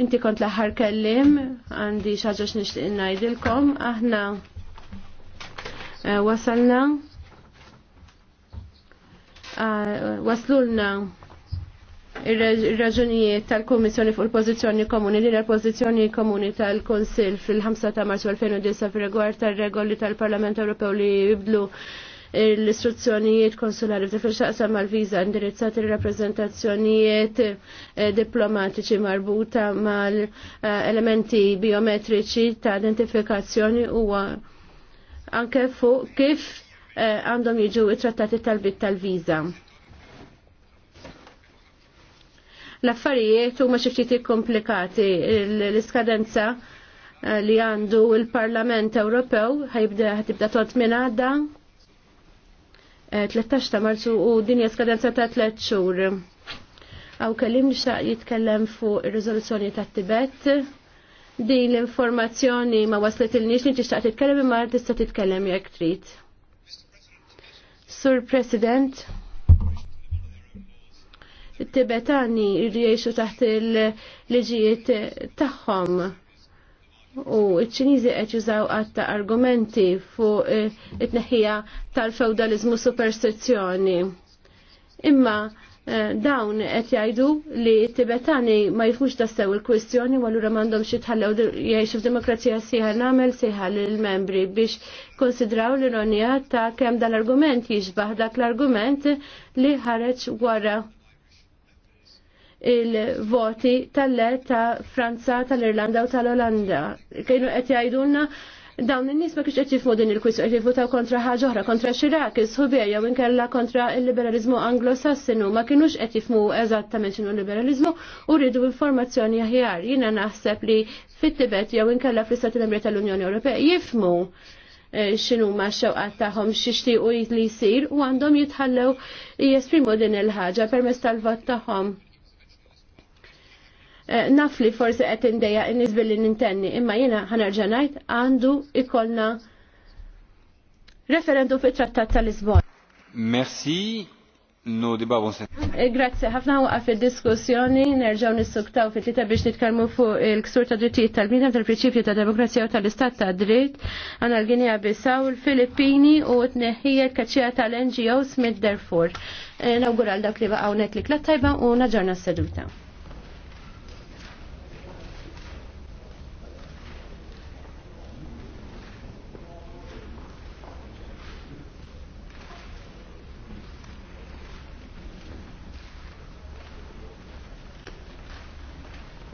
Inti kont l-aħħar kellim, għandi xaġa nishtiq ngħidilkom, aħna eh, wasalna eh, waslulna ir-raġunijiet tal-Komissjoni fuq il-Pożizzjoni Komuni li l-Pożizzjoni Komuni tal-Konsil fil-5 ta' Marzu 2009 fil-regwar tal regoli tal-Parlament Ewropew li jibdlu l-istruzzjonijiet konsulari f'dak xaqsam mal viza indirizzat ir-rappreżentazzjonijiet eh, diplomatiċi marbuta mal-elementi biometriċi ta' identifikazzjoni u anke fuq kif eh, għandhom jiġu it-trattati tal-bit tal-viża. L-affarijiet huma xi ftit komplikati l-iskadenza eh, li għandu il-Parlament Ewropew ħajibda ħatibda tot minn għadda 13 eh, ta' marzu u dinja skadenza ta' 3 xhur. Aw kellim nixtaq jitkellem fuq ir-riżoluzzjoni ta' Tibet. Din l-informazzjoni ma waslet il-nix li tixtaq titkellem imma tista' titkellem jekk trid. Sur President, it-Tibetani jgħixu taħt il-liġijiet tagħhom u ċ-Ċiniżi qed jużaw għatta argumenti fuq eh, it-neħija tal-feudalizmu superstizzjoni. Imma eh, dawn qed jgħidu li t-Tibetani ma jifmux tassew il-kwistjoni u allura m'għandhom xi tħallew jgħixu f'demokrazija sieħa nagħmel sieħa lill-membri biex konsidraw l-ironija ta' kemm dal-argument jiġbaħ dak l-argument li ħareġ wara il-voti tal-le ta' Franza, tal-Irlanda u tal-Olanda. Kienu qed jgħidulna dawn in-nies ma kienx qed jifmu din il-kwissju qed jivvutaw kontra ħaġa oħra, kontra Xirak, is jew inkella kontra il-liberalizmu anglosassinu, ma kienux qed jifmu eżattament x'inhu liberalizmu u rridu informazzjoni aħjar. Jiena naħseb li fit-Tibet jew inkella fl-Istati Membri tal-Unjoni Ewropea jifmu eh, xinu ma xewqat taħom u li jisir u għandhom jitħallew jesprimu din il-ħagġa permess tal-vot taħom. Eh, naf li forsi qed indejja n-nisbi li nintenni, imma jiena ħanerġa' ngħid għandu ikollna referendum fit trattat tal-Lisbon. Merci. No, di babon se. Eh, Grazie, ħafna waqaf il-diskussjoni, nerġaw nissuktaw fit tita biex nitkalmu fuq il-ksur ta' drittijiet tal-bnidem tal-prinċipju ta' demokrazija u tal-istat ta' dritt, għana l-Ginja Bissaw, il-Filippini u t-neħijiet kaċċija tal-NGOs mid-Darfur. Eh, nawgural dak li baqawnek li klattajba u naġarna s-seduta.